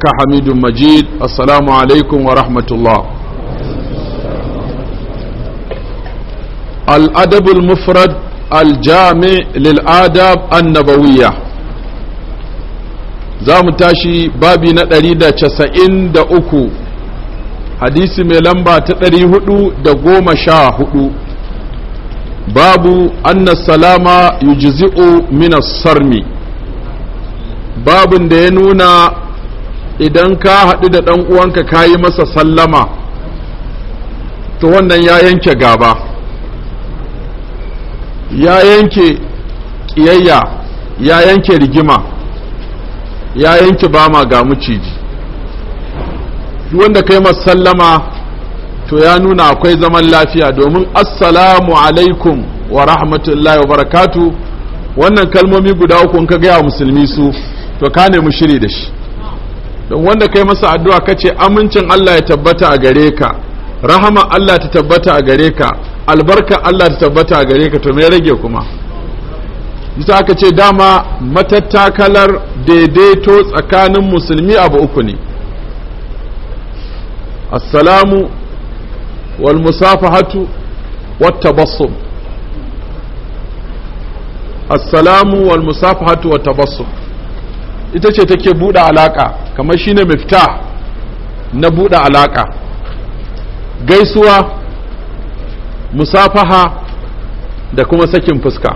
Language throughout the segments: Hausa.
innaka hamidun majid assalamu alaikum wa rahmatullah الأدب المفرد الجامع للآداب النبوية زام تاشي بابي نتريد تسعين دا أكو حديث ملمبا تتري هدو دا قوم شا هدو باب أن السلام يجزئ من الصرم باب دينونا idan ka haɗu da ɗan uwanka ka yi masa sallama to wannan ya yanke gaba ya yanke ƙiyayya ya yanke rigima ya yanke bama ga maciji duk wanda yi masa sallama to ya nuna akwai zaman lafiya domin assalamu alaikum wa rahmatullahi wa barakatu wannan kalmomi guda uku in ka gaya musulmi su to ka nemi shiri da shi don wanda kai masa addu'a kace amincin Allah ya tabbata a gare ka rahama Allah ta tabbata a gare ka albarka Allah ta tabbata a gare ka to me rage kuma bisa aka ce dama matattakalar daidaito tsakanin musulmi abu uku ne assalamu wal musafahatu wat tabassum assalamu wal musafahatu wat tabassum ita ce take buɗe alaƙa kamar ne mifta na buɗe alaƙa gaisuwa musafaha da kuma sakin fuska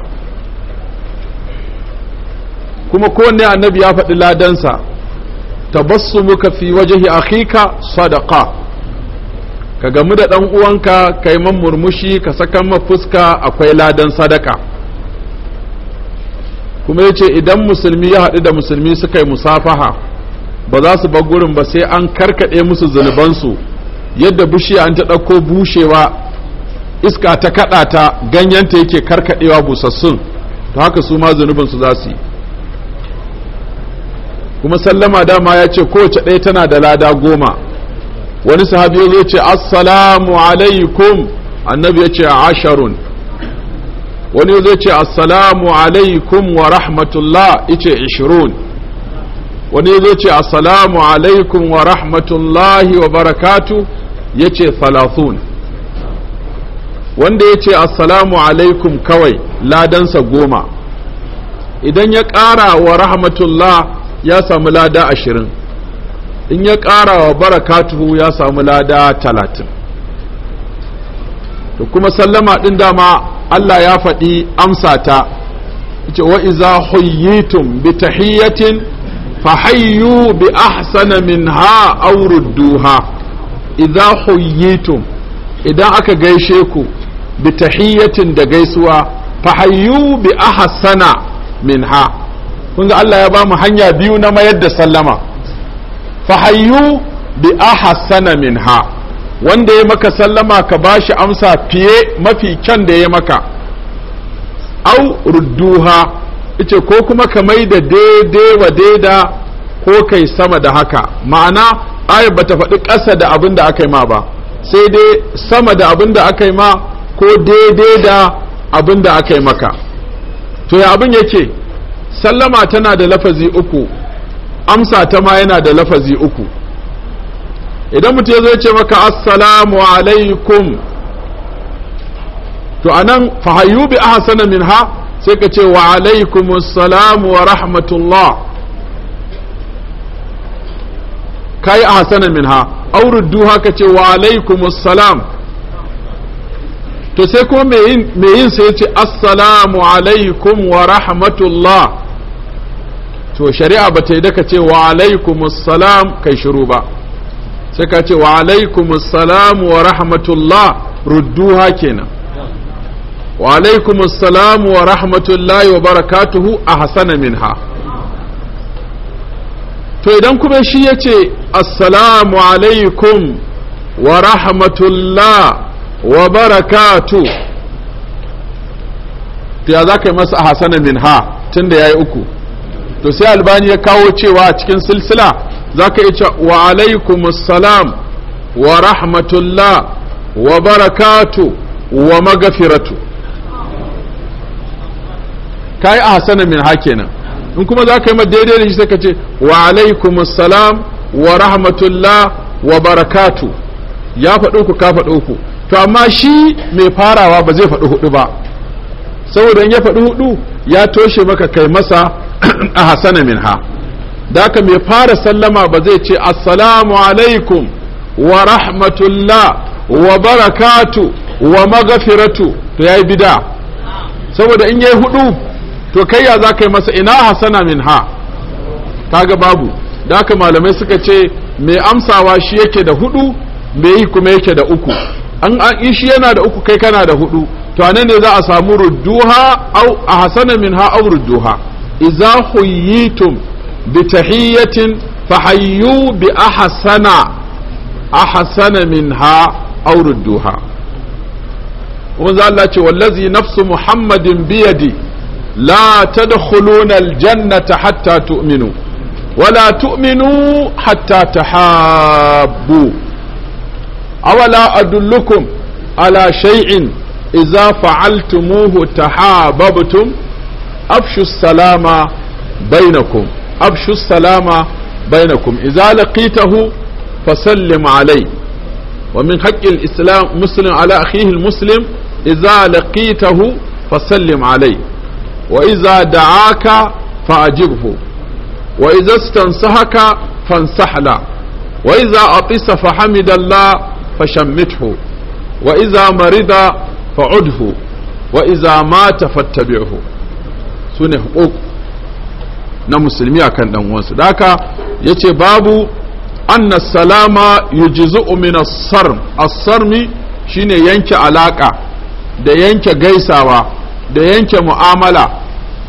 kuma kowanne annabi ya faɗi ladansa muka fi wajahi akhika sadaqa ka gamu da ɗan uwanka ka yi man murmushi ka sakan ma fuska akwai ladan sadaka kuma ya ce idan musulmi ya haɗu da musulmi suka yi musafaha ba za su bar gurin ba sai an karkaɗe musu zunubansu yadda bishiya an ta ɗauko bushewa iska ta kaɗa ta ganyenta yake karkaɗewa busassun ta haka su ma zunubinsu za su yi kuma sallama dama ya ce kowace ɗaya tana da lada goma wani sahabi ya zo ce assalamu alaikum annabi ya ce asharun wani ya zo ce assalamu alaikum wa rahmatullah ya ce ishirun wani zai ce assalamu alaikum wa rahmatullahi wa barakatu ya ce wanda ya ce assalamu alaikum kawai ladansa goma idan ya ƙara wa rahmatullah ya samu lada ashirin in ya ƙara wa barakatu ya samu lada talatin to kuma sallama ɗin dama Allah ya faɗi amsa ta ce wa iza huyyitum bi tahiyyatin فحيوا بأحسن منها أو ردوها إذا حييتم إذا أكا جيشيكو بتحية دقيسوا فحيوا بأحسن منها kun ga Allah ya bamu hanya biyu na mayar da sallama fahayyu bi ahsana minha wanda ya maka sallama ka bashi amsa fiye mafi kyan da ya maka au rudduha ice ko kuma ka mai da daidai wa daida ko kai sama da haka ma'ana ayar ba ta faɗi ƙasa da abin da aka yi ma ba sai dai sama da abin da aka yi ma ko daidai da abin da aka yi maka to ya abin yake sallama tana da lafazi uku amsa ta ma yana da lafazi uku idan mutum ya zo ce maka assalamu alaikum to anan fahayu bi ahsana minha sai ka ce wa alaikumussalam wa rahmatullah kai ahsana minha aurudduha haka ce wa alaikumussalam to sai kuma me yin sai ce assalamu alaikum wa rahmatullah to shari'a ba ta yi daka ce wa alaikumussalam kai shiru ba sai ka ce wa alaikumussalam wa rahmatullah rudduha kenan wa alaikum assalam wa rahmatullahi wa barakatuhu a hasana minha to idan kuma shi ya ce assalamu alaikum wa rahmatullahi wa barakatu ya zaka yi masa a minha tun da ya yi uku to sai albani ya kawo cewa a cikin silsila za ka iya wa alaikum salam wa rahmatullahi wa barakatu wa magafiratu ka yi ahsana min hakenan in kuma za ka yi ma daidai da shi sai ka ce wa alaikum salam wa rahmatullah wa barakatu ya faɗo ku ka faɗo ku to amma shi mai farawa ba zai faɗi hudu ba saboda in ya faɗi hudu ya toshe maka kai masa hasana min ha da ka mai fara sallama ba zai ce assalamu alaikum wa rahmatullah wa barakatu wa magafiratu to ya yi bida saboda in ya yi hudu to kai ya za ka yi masa ina hasana min ha Ta ga babu da haka malamai suka ce mai amsawa shi yake da hudu mai yi kuma yake da uku an an shi yana da uku kai kana da hudu to nan ne za a samu rudduha au a hasana min ha au rudduha iza huyitum bi tahiyatin fahayyu bi ahsana ahsana ha au rudduha wanzu Allah ce wallazi nafsu muhammadin biyadi لا تدخلون الجنة حتى تؤمنوا ولا تؤمنوا حتى تحابوا أولا أدلكم على شيء إذا فعلتموه تحاببتم أفشوا السلام بينكم أفشوا السلام بينكم إذا لقيته فسلم عليه ومن حق الإسلام مسلم على أخيه المسلم إذا لقيته فسلم عليه wa iza da'aka fa'ajibhu wa iza stansahaka fansahla wa iza atisa fa fashammithu wa iza marida fa'udhu wa iza mata fattabi'hu sune huquq na musulmi akan dan uwansa da yace babu anna salama yujzi'u min as-sarm as shine yanke alaka da yanke gaisawa da yanke mu'amala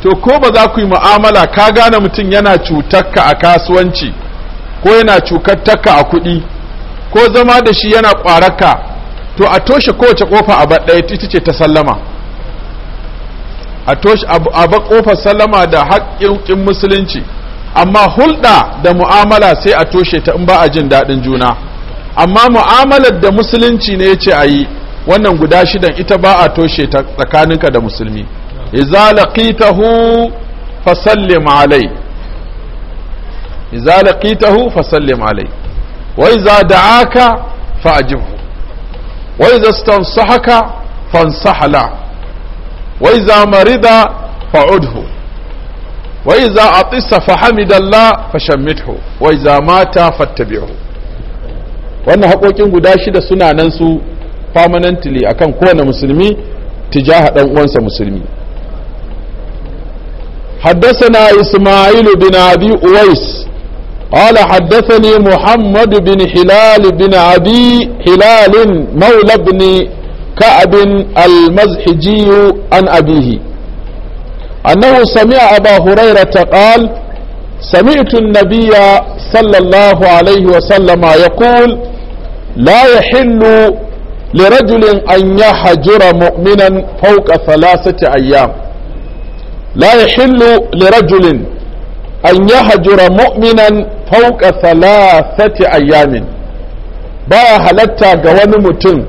to ko ba za ku yi mu'amala ka gane mutum yana cutakka a kasuwanci ko yana cutakka a kuɗi ko zama da shi yana ƙwararka to a toshe kowace ƙofa a ɗaya ita ce ta sallama a toshe a ba ƙofar sallama da haƙƙin musulunci amma hulɗa da mu'amala sai a toshe ta in ba a jin daɗin juna amma mu'amalar da musulunci ne ya ce a yi wannan guda shidan ita ba a toshe ta tsakaninka da musulmi idza laqitahu fasallim alai laqitahu alai wa da'aka wa stansahaka fansahla wa marida fa'udhu wa idza atisa wa mata fattabi'hu wannan haƙoƙin guda shida suna nan su permanently akan kowane musulmi tijaha dan uwansa musulmi حدثنا إسماعيل بن أبي أويس قال حدثني محمد بن هلال بن أبي هلال مولى بن كعب المزحجي عن أبيه أنه سمع أبا هريرة قال سمعت النبي صلى الله عليه وسلم يقول لا يحل lirajulin an ya hajura mu'minan fauka salasati ayyam la yahillu lirajulin an ya hajura mu'minan fauka salasati ayyamin ba halatta ga wani mutum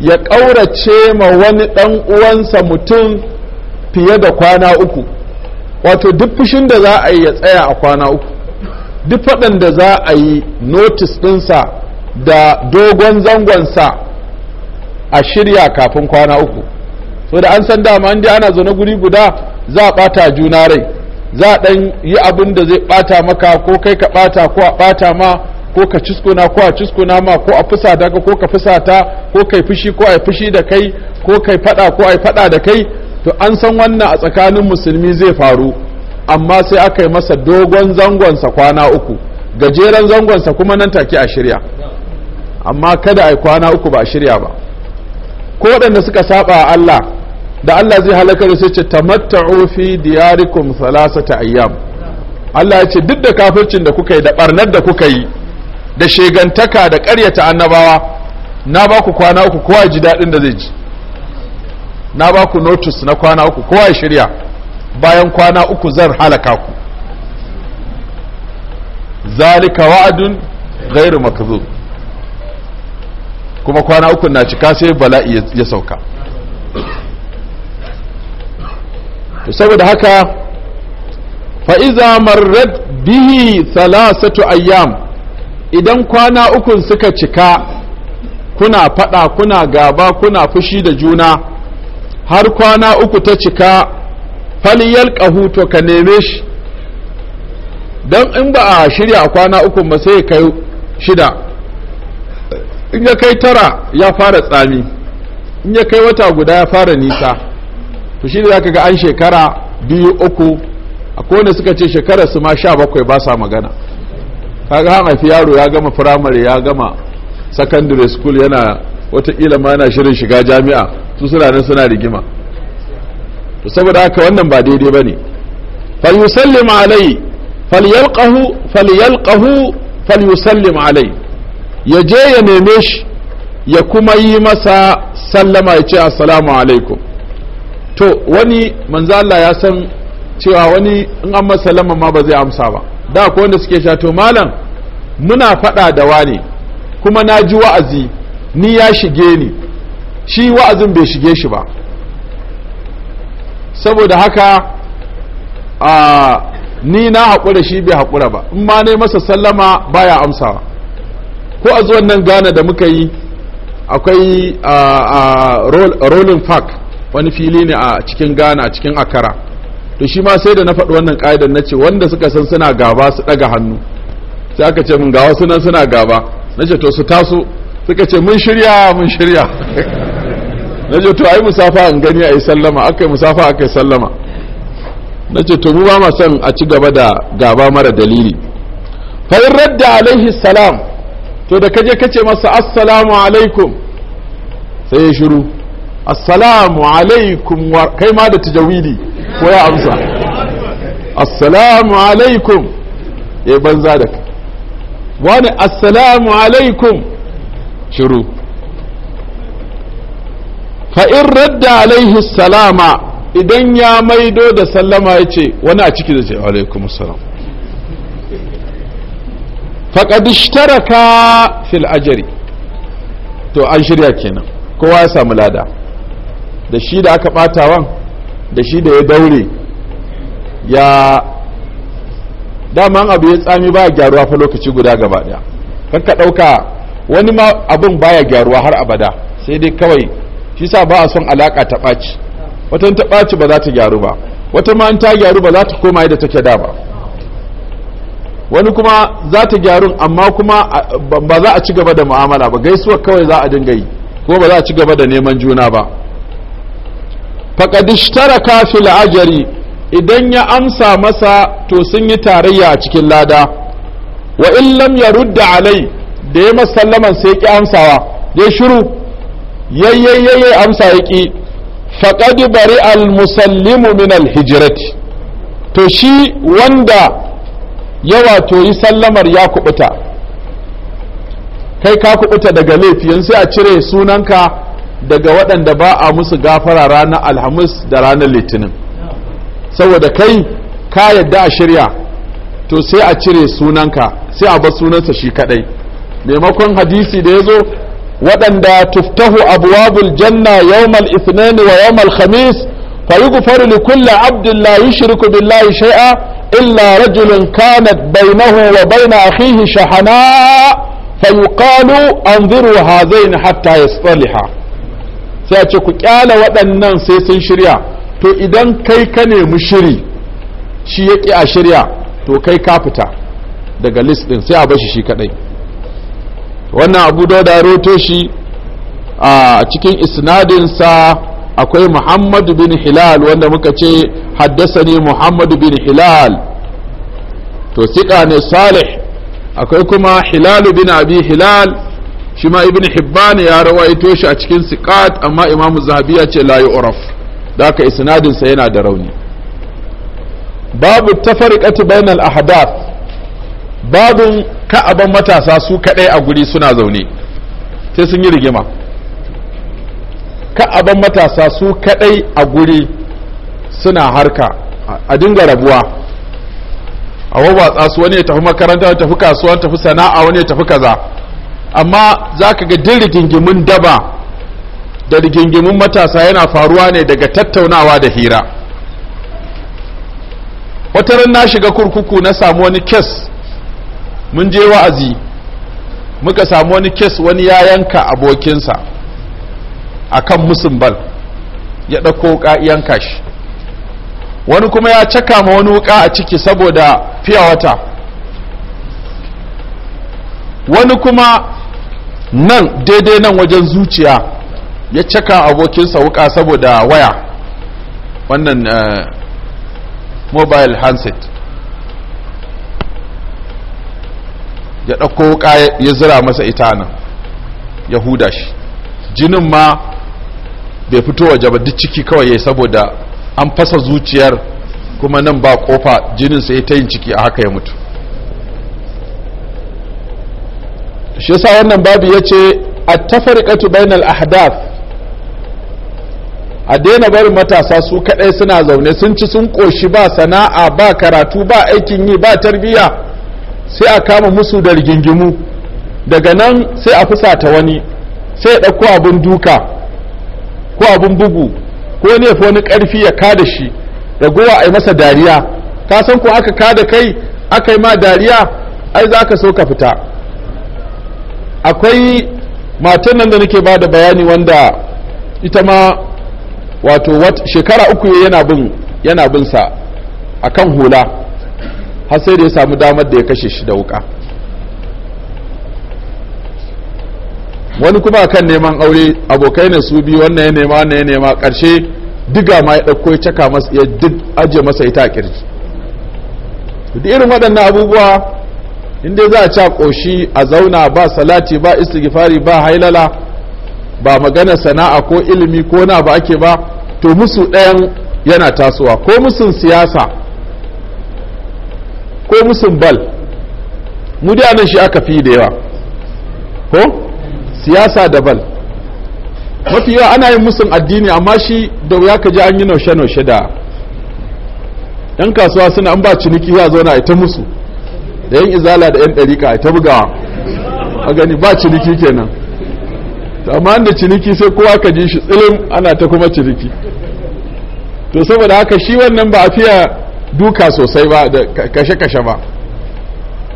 ya ƙaurace ma wani ɗan uwansa mutum fiye da kwana uku wato duk fushin da za a yi ya tsaya a kwana uku duk faɗan da za a yi notis ɗinsa da dogon zangonsa a shirya kafin kwana uku so da an san dama an ana zaune guri guda za a bata juna rai za a dan yi abin da zai bata maka ko kai ka bata ko a bata ma ko ka ciskuna ko a ciskuna ma ko a fusa daga ko ka fusa ta ko kai fushi ko yi fushi da kai ko kai fada ko yi fada da kai to an san wannan a tsakanin musulmi zai faru amma sai aka yi masa dogon zangonsa kwana uku gajeren zangonsa kuma nan take a shirya amma kada a yi kwana uku ba a shirya ba ko waɗanda suka saba Allah da Allah zai halaka da sai ce tamatta'u fi diyarikum salasata ayyam Allah ya ce duk da kafircin da kuka yi da barnar da kuka yi da shegantaka da ƙaryata annabawa na ba ku kwana uku kowa ji daɗin da zai ji na ba ku notice na kwana uku kowa ya shirya bayan kwana uku zan halaka ku zalika wa'adun ghairu makdhub kuma kwana uku na cika sai bala'i ya sauka saboda haka fa'iza marrat bihi salasatu ayyam idan kwana uku suka cika kuna fada kuna gaba kuna fushi da juna har kwana uku ta cika faliyar to ka neme shi don in ba a shirya a kwana uku ba sai kai shida in ya kai tara ya fara tsami in ya kai wata guda ya fara nisa to shi za ka ga an shekara biyu uku a kone suka ce shekara su ma sha bakwai ba sa magana kaga an haifi yaro ya gama firamare ya gama secondary school yana watakila ma yana shirin shiga jami'a su suna nan suna rigima to saboda haka wannan ba daidai ba ne falyusallim alai falyalqahu falyalqahu falyusallim alai ya je ya neme shi ya kuma yi masa sallama ya ce assalamu alaikum to wani manzo Allah ya san cewa wani in an masa sallama ma ba zai amsa ba da ko wanda suke sha to malam muna faɗa da wani kuma na ji wa'azi ni ya shige ni shi wa'azin bai shige shi ba saboda haka a ni na haƙura shi bai haƙura ba in ma ne masa sallama baya amsawa ko a zuwan nan ghana da muka yi akwai a rolling park wani fili ne a cikin ghana a cikin akara to shi ma sai da na faɗi wannan ƙa'idar na ce wanda suka san suna gaba su ɗaga hannu sai aka ce mun ga wasu nan suna gaba na ce to su taso suka ce mun shirya mun shirya na ce to ai musafa an gani a yi sallama aka yi musafa aka yi sallama na ce to mu ba ma son a ci gaba da gaba mara dalili fa radda alaihi salam to da kaje kace masa assalamu alaikum sai ya shiru assalamu alaikum wa kai ma da tajawidi ko ya amsa assalamu alaikum ya banza da wani assalamu alaikum shiru fa in radda alaihi salama idan ya maido da sallama ya ce wani a ciki da ce alaikum salam faqad ishtaraka fil ajri to an shirya kenan kowa ya samu lada da shi da aka batawan da shi da ya daure ya daman abu ya tsami ba gyaruwa fa lokaci guda gaba daya kanka ɗauka wani ma abin baya gyaruwa har abada sai dai kawai shi sa ba a son alaka ta ɓaci wata ta ɓaci ba za ta gyaru ba wata ma ta gyaru ba za ta koma yadda take da ba wani kuma za ta gyaru amma kuma ba za a ci gaba da mu'amala ba gaisuwa kawai za a dinga yi ko ba za a ci gaba da neman juna ba faƙadishtara kafi la'ajari idan ya amsa masa to sun yi tarayya a cikin lada wa in lam ya rudda alai da ya masallaman sai ki amsawa dai shiru yayyayyaye amsa ya ki bari al musallimu min al hijrat to shi wanda ya to yi sallamar ya kubuta kai ka kubuta daga laifi sai a cire sunanka daga waɗanda ba a musu gafara ranar alhamis da ranar litinin saboda kai ka yadda a shirya to sai a cire sunanka sai a bar sunansa shi kadai maimakon hadisi da ya zo waɗanda tuftahu abuwabul janna yawmal ithnain wa yawmal khamis fa yughfaru li kulli abdin la yushriku billahi shay'a illa rajulun kanat bainahu wa bain akhihi shahana fayuqalu anziru hadain hatta yasliha sai a ce ku kyala waɗannan sai sun shirya to idan kai ka nemi shiri shi ya ƙi a shirya to kai ka fita daga list ɗin sai a bashi shi kaɗai wannan abu da roto shi a cikin isnadinsa akwai muhammad bin hilal wanda muka ce haddasani muhammad bin hilal to siƙa ne salih akwai kuma hilal bin abi hilal shi ma ibn hibban ya rawaito shi a cikin siqat amma imam zahabi ya ce la yu'raf da haka isnadin sa yana da rauni babu tafarqati bainal ahdath babun ka'aban matasa su kadai a guri suna zaune sai sun yi rigima ka matasa su kadai a guri suna harka a dinga rabuwa a wabatsa su wani ya tafi makaranta wani tafi kasuwa tafi sana'a wani ya tafi kaza amma za ka ga din rigingimin daba da rigingimin matasa yana faruwa ne daga tattaunawa da hira wata ran na shiga kurkuku na samu wani kes mun je wa'azi muka samu wani kes wani ya yanka abokinsa akan musumbal ya ɗauko wuka yanka kashi wani kuma ya caka ma wani wuka a ciki saboda fiya wata wani kuma nan daidai nan wajen zuciya ya caka abokinsa wuka saboda waya wannan uh, mobile handset ya ɗauko wuka ya zira masa ita nan ya huda shi jinin ma bai fito waje ba ciki kawai ya saboda an fasa zuciyar kuma nan ba kofa jinin sai ta yin ciki a haka ya mutu shi sa wannan babu ya yace a tafarikatu bainal ahdath a daina barin matasa su kadai suna zaune sun ci sun koshi ba sana'a ba karatu ba aikin yi ba tarbiyya sai a kama musu da rigingimu daga nan sai a fusata wani sai ya ɗauko abin duka ko abun bugu ko ne fa wani karfi ya ka da shi ragowa a yi masa dariya ka san ko aka ka da kai aka yi ma dariya ai za ka so ka fita akwai matan nan da nake ba da bayani wanda ita ma wato shekara uku yana bin yana bin sa akan hula har sai da ya samu damar da ya kashe shi da wuka wani kuma akan neman aure abokai ne su biyu wannan ya nema wannan ya nema karshe diga ma ya ɗauko ya caka masa ya duk aje masa ita a kirji duk irin waɗannan abubuwa inda za a ci ƙoshi a zauna ba salati ba istighfari ba hailala ba magana sana'a ko ilimi ko na ba ake ba to musu ɗayan yana tasowa ko musun siyasa ko musun bal mu da shi aka fi da yawa ko siyasa daban mafi yawa ana yin musun addini amma shi da wuya ka ji an yi naushe-naushe da yan kasuwa suna an ba ciniki za zauna ita musu da yan izala da yan ɗarika ita bugawa a gani ba ciniki kenan amma da ciniki sai kowa ka ji shi tsilin ana ta kuma ciniki to saboda haka shi wannan ba a fiya duka sosai ba da kashe-kashe ba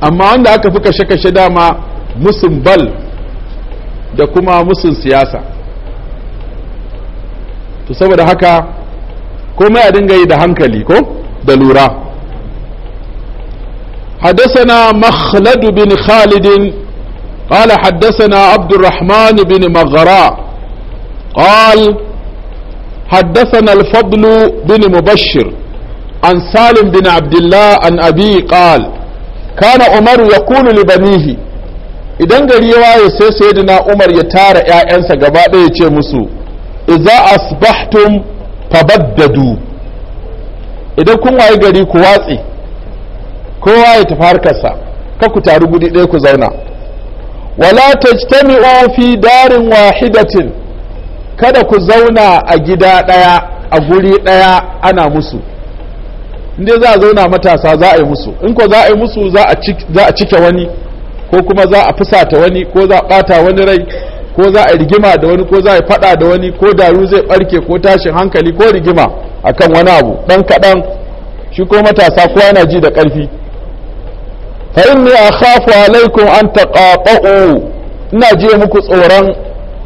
amma wanda aka fi kashe-kashe dama musun bal da kuma musun siyasa to saboda haka komai a dinga yi da hankali ko da lura حدثنا مخلد بن خالد قال حدثنا عبد الرحمن بن مغراء قال حدثنا الفضل بن مبشر عن سالم بن عبد الله عن أبي قال كان عمر يقول لبنيه idan gari ya waye sai da Umar ya tara 'ya'yansa gaba ɗaya ya ce musu idza asbahtum fabaddadu idan kun waye gari ku watse kowa ya tafi harkarsa ka ku taru gudi ɗaya ku zauna wala tajtami'u fi darin wahidatin kada ku zauna a gida ɗaya a guri ɗaya ana musu dai za a zauna matasa za a yi musu in ko za a yi musu za a cike wani ko kuma za a fusata wani ko za a bata wani rai ko za a rigima da wani ko za a fada da wani ko daru zai barke ko tashin hankali ko rigima akan wani abu dan kadan shi ko matasa ko yana ji da karfi fa inni akhafu alaikum an taqata'u ina je muku tsoron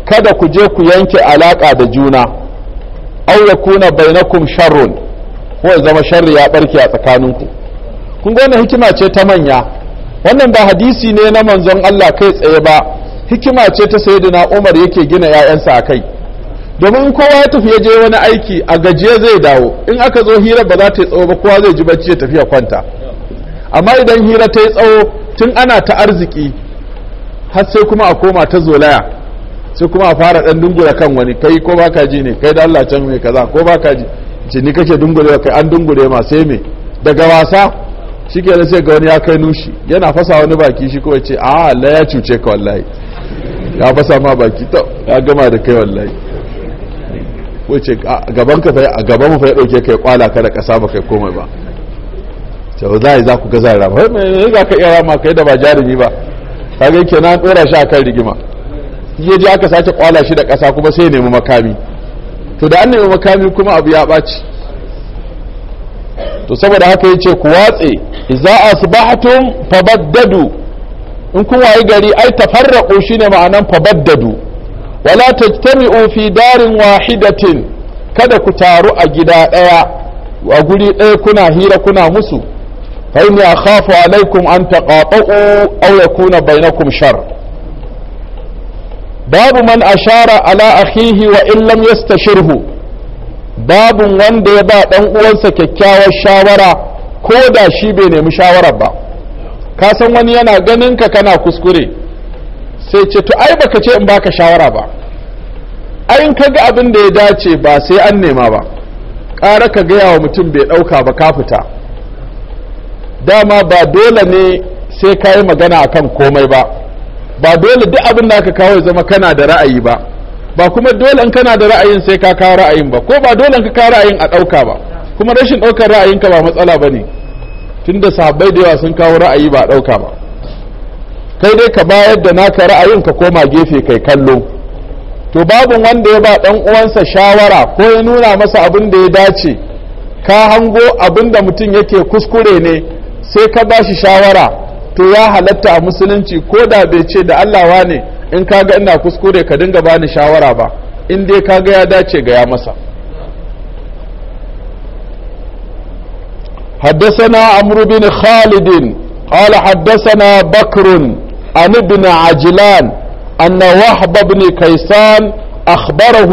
kada ku je ku yanke alaka da juna aw yakuna bainakum sharrun ko zama sharri ya barke a tsakaninku kun ga wannan hikima ce ta manya wannan ba hadisi ne na manzon Allah kai tsaye ba hikima ce ta sayyidina Umar yake gina 'ya'yansa akai kai domin kowa ya tafi je wani aiki a gajiye zai dawo in aka zo hira ba za ta yi tsawo ba kowa zai ji bacci ya tafi kwanta amma idan hira ta yi tsawo tun ana ta arziki har sai kuma a koma ta zolaya sai kuma a fara dan dungura kan wani kai ko ka ji ne kai da Allah can me kaza ko ka ji ce ni kake dungure kai an dungure ma sai me daga wasa shi ke sai ga wani ya kai nushi yana fasa wani baki shi kawai ce a ah, Allah ya cuce ka wallahi ya fasa ma baki to ya gama da kai wallahi wace ah, gaban ka fa a gaban mu fa ya dauke kai kwala ka da kasa ba kai komai ba to wallahi za ku ga zai rama me za ka iya rama kai da ba jarumi ba kaga kenan dora shi akan rigima ya je aka sace kwala shi da kasa kuma sai ya nemi makami to da an nemi makami kuma abu ya baci. to saboda haka ya ce ku watse za asbahtum fabaddadu in kun wayi gari ai shi shine ma'anan fabaddadu wala tajtami'u fi darin wahidatin kada ku taru a gida ɗaya, a guri ɗaya kuna hira kuna musu fa inni akhafu alaikum an taqata'u aw yakuna bainakum shar babu man ashara ala akhihi wa in lam yastashirhu babun wanda ya ba ɗan uwansa kyakkyawar shawara ko da shi bai nemi shawara ba ka san wani yana ganin ka kana kuskure sai ce to ai baka ce in baka shawara ba ai in kaga abin da ya dace ba sai an nema ba ƙara ka gaya wa mutum bai ɗauka ba ka fita dama ba dole ne sai ka yi magana akan komai ba ba dole duk abin da aka kawo ya zama kana da ra'ayi ba ba kuma dole in kana da ra'ayin sai ka kawo ra'ayin ba ko ba dole ka kawo ra'ayin a ɗauka ba kuma rashin ɗaukar ra'ayinka ba matsala ba ne tunda sahabbai da yawa sun kawo ra'ayi ba ɗauka ba kai dai ka bayar da naka ra'ayin ka koma gefe kai kallo to babu wanda ya ba ɗan uwansa shawara ko ya nuna masa abin da ya dace ka hango abin da mutum yake kuskure ne sai ka ba shi shawara to ya halatta a musulunci ko da bai ce da Allah ne in ka ga ina kuskure ka dinga bani shawara ba in dai ka ga ya dace ga ya masa حدثنا عمرو بن خالد قال حدثنا بكر عن ابن عجلان أن وهب بن كيسان أخبره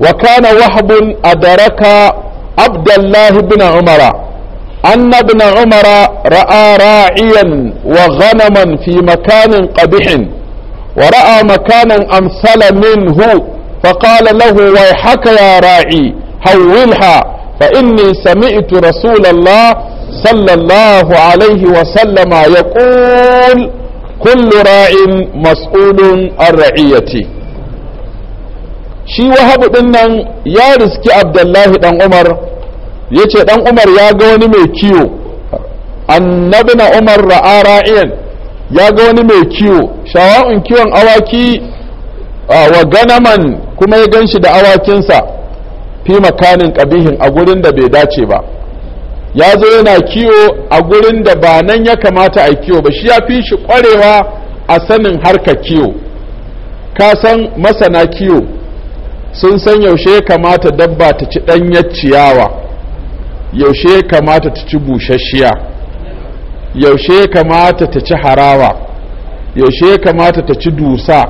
وكان وهب أدرك عبد الله بن عمر أن ابن عمر رأى راعيا وغنما في مكان قبح ورأى مكانا أمثل منه فقال له ويحك يا راعي حولها فإني سمعت رسول الله صلى الله عليه وسلم يقول كل راع مسؤول عن رعيته shi wahabu din nan ya riski abdullahi dan umar ya ce dan umar ya ga wani mai kiwo annabina umar ra'a ra'iyan ya ga wani mai kiwo shawa'un kiwon awaki wa ganaman kuma ya gan shi da awakinsa fi makanin ƙabihin a gurin da bai dace ba ya zo yana kiwo a gurin da ba nan ya kamata a kiwo ba shi ya fi shi ƙwarewa a sanin harka kiwo ka san masana kiwo sun san yaushe ya kamata dabba ta ci ɗanyar ciyawa yaushe ya kamata ta ci busasshiya yaushe kamata ta ci harawa yaushe kamata ta ci dusa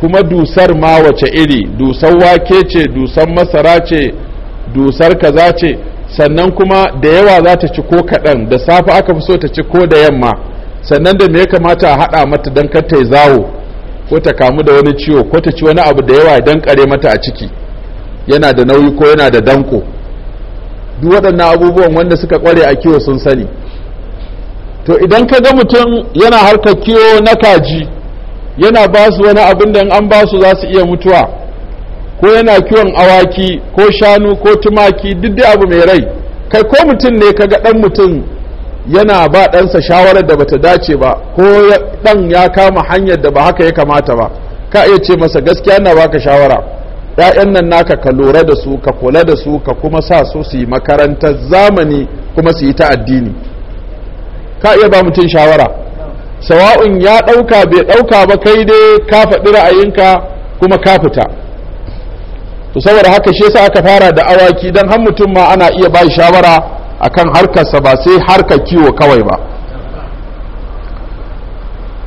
kuma dusar ma wace iri dusar wake ce dusar masara ce dusar kaza ce sannan kuma da yawa za ta ci ko kaɗan da safe aka fi so ta ci ko da yamma sannan da me ya kamata a haɗa mata don kar ta yi zawo ko ta kamu da wani ciwo ko ta ci wani abu da yawa don kare mata a ciki yana da nauyi ko yana da danko duk waɗannan abubuwan wanda suka ƙware a kiwo sun sani to idan ka ga mutum yana harkar kiwo na kaji yana ba su wani abin da an ba su za su iya mutuwa ko yana kiwon awaki ko shanu ko tumaki duk dai abu mai rai kai ko mutum ne ka ga ɗan mutum yana ba ɗansa shawarar da bata dace ba ko ɗan ya kama hanyar da ba haka ya kamata ba ka iya ce masa gaskiya na baka shawara ‘ya'yan nan naka ka lura da su ka kula da su ka kuma sa su su yi makarantar zamani kuma su yi ta addini ka iya ba mutum shawara sawa'un ya ɗauka bai ɗauka ba kai dai ka faɗi ra'ayinka kuma ka fita to saboda haka shi yasa aka fara da awaki dan har mutum ma ana iya ba shawara akan harkarsa ba sai harka kiwo kawai ba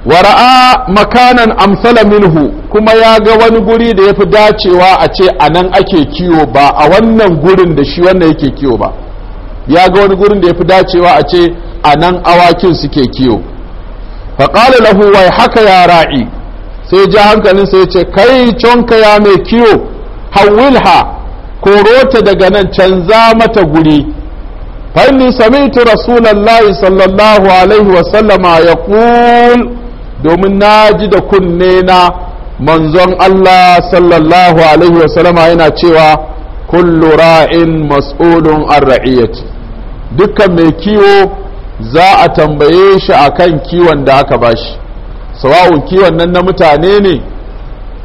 wara'a makanan amsala minhu kuma ya ga wani guri da ya fi dacewa a ce a nan ake kiwo ba a wannan gurin da shi wannan yake kiwo ba ya ga wani gurin da ya fi dacewa a ce a nan awakin suke kiwo faƙala lahu wai haka ya ra'i sai ja hankalin sai ce kai conka ya mai kiwo hawilha korota daga nan canza mata guri fanni samitu rasulallahi sallallahu alaihi wasallama ya kul domin na ji da kunne na manzon Allah sallallahu alaihi wasallama yana cewa kullu ra'in mas'ulun an ra'iyati. dukkan mai kiwo za a tambaye shi a kan kiwon da aka ba shi. sawa'un kiwon nan na mutane ne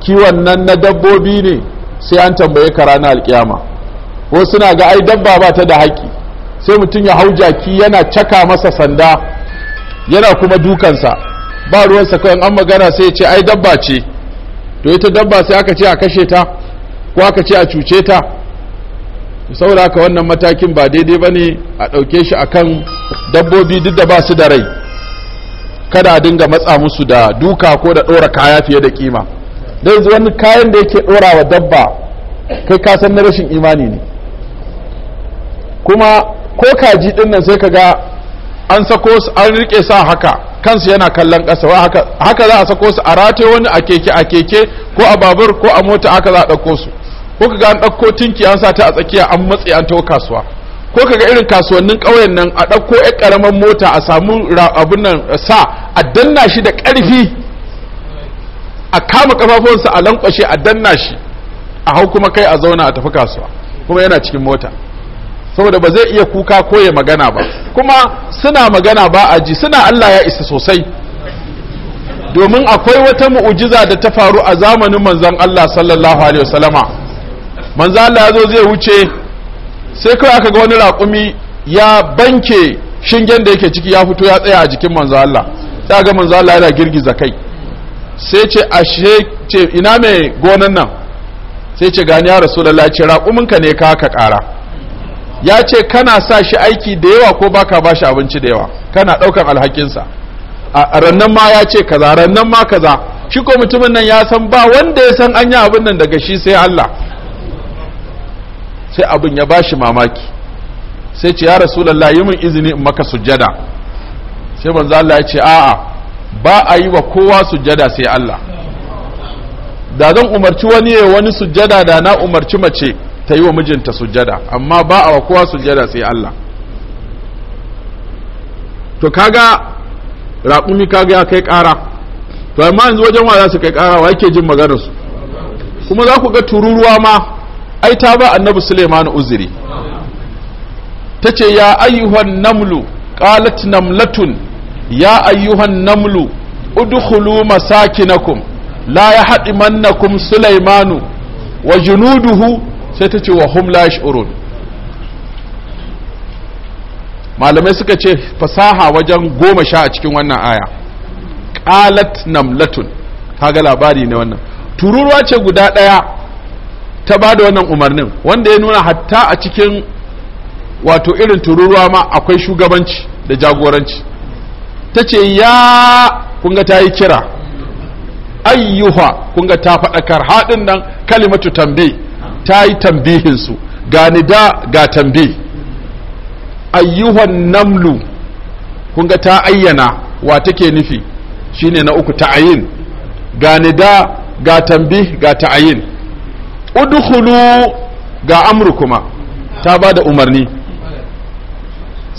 kiwon nan na dabbobi ne sai an tambaye ka ranar alkiyama ko suna ga ai dabba ba ta da haƙƙi sai mutum ya hau jaki yana caka masa sanda yana kuma dukansa ba ruwansa kawai an magana sai ya ce ai dabba ce to ita dabba sai aka ce a kashe ta ko aka ce a cuce ta saboda haka wannan matakin ba daidai ba ne a ɗauke shi akan dabbobi duk da ba su da rai kada a dinga matsa musu da duka ko da ɗora kaya fiye da kima da yanzu wani kayan da yake ɗora wa dabba kai ka san na rashin imani ne kuma ko kaji ɗin nan sai ka ga an sako su an rike sa haka kansu yana kallon ƙasa haka za a sako su a rataye wani a keke a keke ko a babur ko a mota haka za a ɗauko su ko kaga an ɗauko tinki an sa ta a tsakiya an matse an tawo kasuwa ko ka ga irin kasuwannin ƙauyen nan a ɗauko ƴar karaman mota a samu abun nan sa a danna shi da ƙarfi a kama kafafunsa a lankwashe a danna shi a hau kuma kai a zauna a tafi kasuwa kuma yana cikin mota saboda ba zai iya kuka ko ya magana ba kuma suna magana ba a ji suna Allah ya isa sosai domin akwai wata mu'ujiza da ta faru a zamanin manzon Allah sallallahu alaihi wasallama manzo Allah ya zo zai wuce sai kawai aka ga wani raƙumi ya banke shingen da yake ciki ya fito ya tsaya a jikin manzo Allah sai ga manzo Allah yana girgiza kai sai ce ashe ce ina mai gonan nan sai ce gani ya rasulullahi ce ka ne ka ka ƙara ya ce kana sa shi aiki da yawa ko baka ba shi abinci da yawa kana ɗaukar alhakinsa a rannan ma ya ce kaza rannan ma kaza shi ko mutumin nan ya san ba wanda ya san an yi abin nan daga shi sai Allah sai abin ya bashi mamaki sai ce ya rasulallah yi min izini in maka sujjada sai banza Allah ya ce a'a ba a yi wa kowa sujjada sai Allah da zan umarci wani ya wani sujjada da na umarci mace ta yi wa mijinta sujjada amma ba a wa kowa sujjada sai Allah to kaga raƙumi kaga ya kai ƙara to amma yanzu wajen wa za su kai ƙara wa yake jin maganarsu kuma za ku ga tururuwa ma ai ta ba annabi Suleiman uzuri Ta ce ya ayyuhan namlu qalat namlatun ya ayyuhan namlu udkhulu masakinakum la yahdimannakum Suleimanu wa junuduhu sai ta ce wa hum la yash'urun malamai suka ce fasaha wajen goma sha a cikin wannan aya qalat namlatun kaga labari ne wannan tururuwa ce guda ɗaya ta ba da wannan umarnin wanda ya nuna hatta a cikin wato irin tururuwa ma akwai shugabanci da jagoranci ta ce ya kunga ta yi kira ayyuha kunga ta faɗakar haɗin nan kalimatu tambi ta yi tambihinsu ga nida ga tambi ayyuhan namlu kunga ta ayyana wa take nufi shine na uku ta'ayin ga nida ga tambi ga ta'ayin udkhulu ga amru kuma ta ba da umarni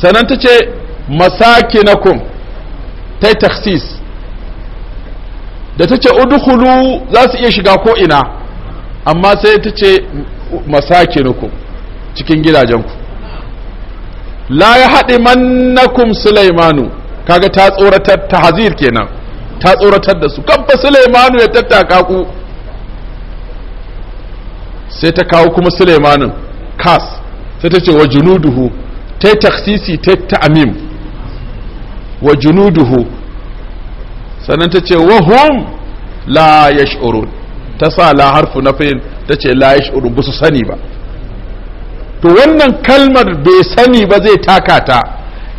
sannan ta ce masakinakum ta yi taksis da ta ce udkhulu za su iya shiga ko ina amma sai ta ce masakinakum cikin gidajenku la ya haɗe mannakum sulaimanu kaga ta tsoratar ta hazir kenan ta tsoratar da su kamfa sulaimanu ya tattaka ku sai ta kawo kuma sulaimanin kas sai ta ce wa junuduhu ta taksisi ta ta'amim wa junuduhu sannan ta ce wa hum la yash'urun ta sa la harfu na fahim ta ce la yash'urun ba su sani ba to wannan kalmar bai sani ba zai taka ta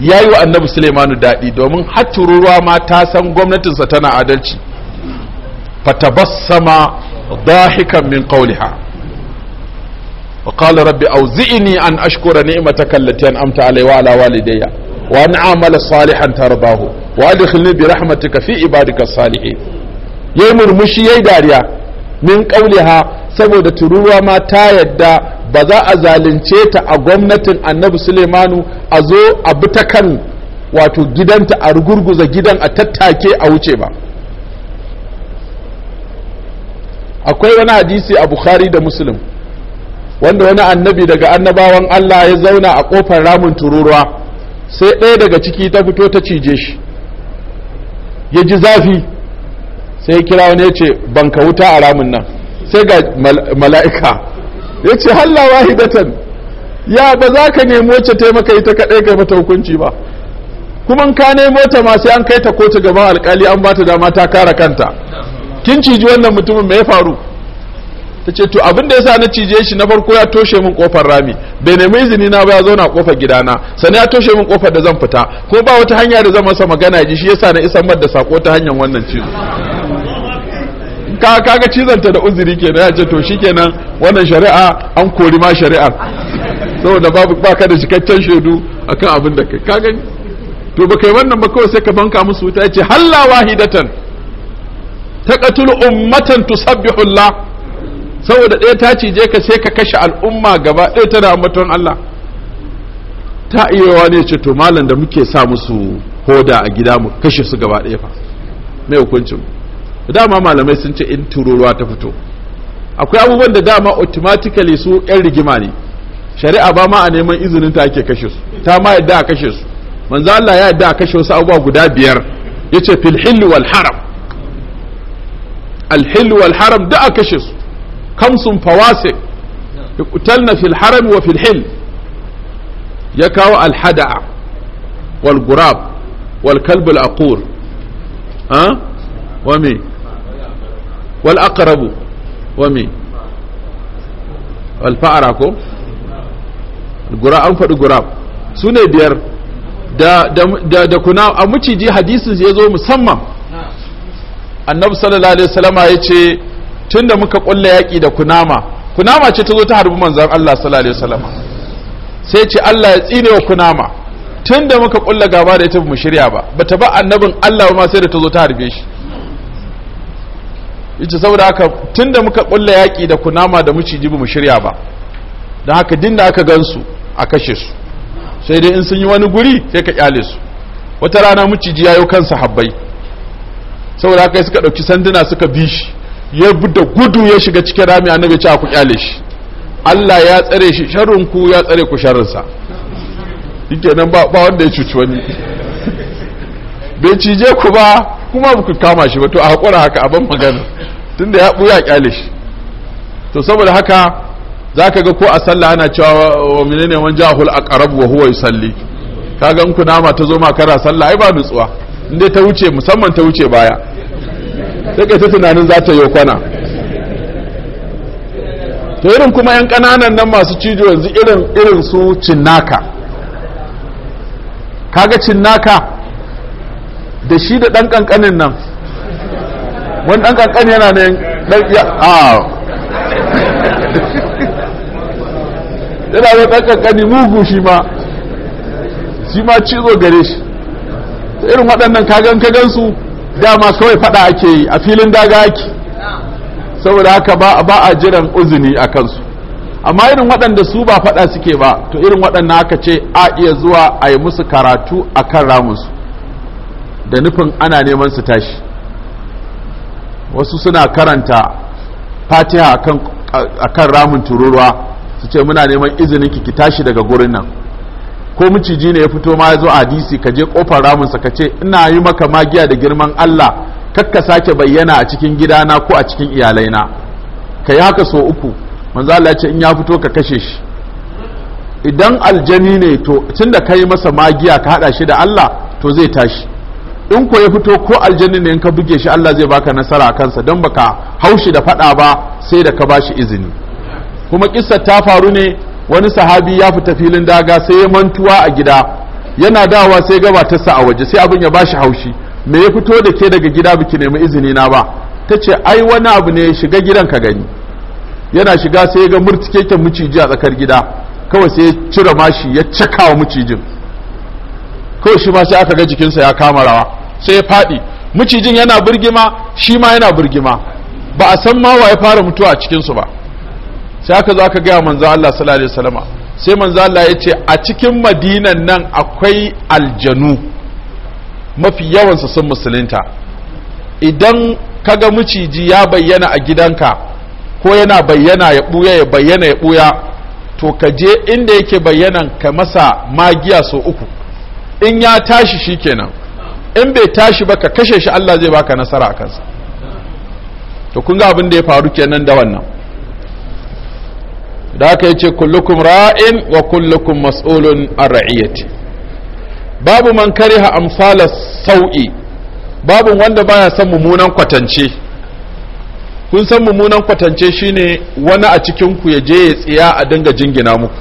ya yi wa annabi sulaimanu daɗi domin haturuwa ma ta san gwamnatinsa tana adalci fatabassama dahikan min qawliha wa qala rabbi awzi'ni an ashkura ni'mataka allati an'amta alayya wa ala walidayya wa an a'mala salihan tardahu wa adkhilni bi rahmatika fi ibadika salihin yayi murmushi yayi dariya min qawliha saboda tururuwa ma ta yadda ba za a zalunce ta a gwamnatin annabi Suleimanu a zo a bi ta kan wato gidanta a rugurguza gidan a tattake a wuce ba akwai wani hadisi a bukhari da muslim wanda wani annabi daga annabawan Allah ya zauna a kofar ramin tururuwa sai ɗaya daga ciki ta fito ta cije shi ya ji zafi sai ya kira wani ya ce banka wuta a ramin nan sai ga mala'ika ya ce halla wahidatan ya ba za ka nemo ce taimaka ita kaɗai ga mata hukunci ba kuma ka nemo ta masu yan an kai ta kotu gaban alkali an ba ta dama ta kare kanta kin ciji wannan mutumin me ya faru ta ce to abin da yasa na cije shi na farko ya toshe min kofar rami bai nemi izini na ba ya zauna kofar gidana sani ya toshe min kofar da zan fita ko ba wata hanya da zan masa magana ji shi yasa na isan da sako ta hanyar wannan cizo ka kaga cizanta da uzuri kenan ya ce to shikenan wannan shari'a an kori ma shari'ar saboda babu baka da cikakken shaidu akan abin da kai ka to ba kai wannan ba kawai sai ka banka musu wuta ya ce halla wahidatan taqatul ummatan tusabbihu Allah saboda ɗaya ta cije ka sai ka kashe al'umma gaba ɗaya tana ambaton Allah ta iyawa ne ce to malam da muke sa musu hoda a gida mu kashe su gaba ɗaya fa mai hukuncin dama malamai sun ce in tururuwa ta fito akwai abubuwan da dama automatically su ƴan rigima ne shari'a ba ma a neman izinin ta ake kashe su ta ma yadda a kashe su manzo Allah ya yadda a kashe su abubuwa guda biyar yace fil hilli wal haram al hilli wal haram da a kashe su خمس فواسق يقتلن في الحرم وفي الحل يكاو الحدع والقراب والكلب العقور ها أه؟ ومي والأقرب ومي والفأر أكو القراب أنفد القراب سنة بير da da da, da kuna a muciji hadisin ya zo musamman annabi sallallahu alaihi wasallama ya ce Tun da muka kulla yaƙi da kunama kunama ce ta zo ta harbi manzan Allah sallallahu alaihi wasallam sai ce Allah ya tsine wa kunama Tun da muka ƙulla gaba da ita mu shirya ba bata ba annabin Allah ma sai da ta zo ta harbe shi yace saboda haka tun da muka ƙulla yaƙi da kunama da muciji mu shirya ba don haka din da aka gansu a kashe su sai dai in sun yi wani guri sai ka kyale su wata rana muciji yayo kansa habbai saboda haka suka dauki sanduna suka bi shi ya da gudu ya shiga cikin rami annabi ce ku kyale shi Allah ya tsare shi sharrin ku ya tsare ku sharrin sa nan ba wanda ya cuci wani bai cije ku ba kuma ku kama shi ba to a hakura haka abin magana tunda ya buya kyale shi to saboda haka zaka ga ko a sallah ana cewa wa menene wan jahul aqrab wa huwa yusalli kaga in nama ta zo ma kana sallah ai ba nutsuwa in ta wuce musamman ta wuce baya sai kai ta tunanin za ta yi kwana to irin kuma yan ƙananan nan masu cijo yanzu irin irin su cinnaka kaga cinnaka da shi da ɗan ƙanƙanin nan wani ɗan ƙanƙan yana ne ɗan ya a yana da ɗan ƙanƙani mugu shi ma shi ma cizo gare shi irin waɗannan kagan kagan su dama kawai fada ake yi a filin daga ake saboda haka ba a jiran uzini a kansu amma irin waɗanda su ba fada suke ba to irin waɗanda aka ce a iya zuwa a yi musu karatu a kan ramunsu da nufin ana neman su tashi wasu suna karanta fatiha a kan ramin tururuwa su ce muna neman izinin ki tashi daga gurin nan ko miciji ne ya fito ma ya zo a hadisi ka je kofar ramunsa ka ce ina yi maka magiya da girman Allah kakka sake bayyana a cikin gidana ko a cikin iyalaina ka yi haka so uku manzo Allah ce in ya fito ka kashe shi idan aljani ne to tunda ka masa magiya ka hada shi da Allah to zai tashi in ko ya fito ko aljani ne in ka buge shi Allah zai baka nasara a kansa don baka haushi da fada ba sai da ka bashi izini kuma kissa ta faru ne wani sahabi ya fita filin daga sai ya mantuwa a gida yana dawa sai gaba ta a waje sai abin ya ba shi haushi me ya fito da ke daga gida biki nemi izini na ba ta ce ai wani abu ne shiga gidan ka gani yana shiga sai ya ga murtikeken miciji a tsakar gida kawai sai ya cire mashi ya cika wa micijin kawai shi ma sai aka ga jikinsa ya kama rawa sai ya faɗi micijin yana birgima shi ma yana birgima ba a san ma wa ya fara mutuwa a cikinsu ba sai aka zo aka gaya manzo Allah sallallahu alaihi wasallam sai manzo Allah ya ce a cikin madinan nan akwai aljanu mafi yawansa sun musulunta idan kaga miciji ya bayyana a gidanka ko yana bayyana ya buya ya bayyana ya buya to ka je inda yake bayyana ka masa magiya so uku in ya tashi shikenan in bai tashi ba ka kashe shi Allah zai baka nasara a kansa to kun ga abin da ya faru kenan da wannan da aka yace kullukum ra'in wa kullukum mas'ulun an ra'iyati babu man kariha amsala sau'i babu wanda baya son mummunan kwatance kun san mummunan kwatance shine wani a cikin ku ya je ya tsiya a dinga jingina muku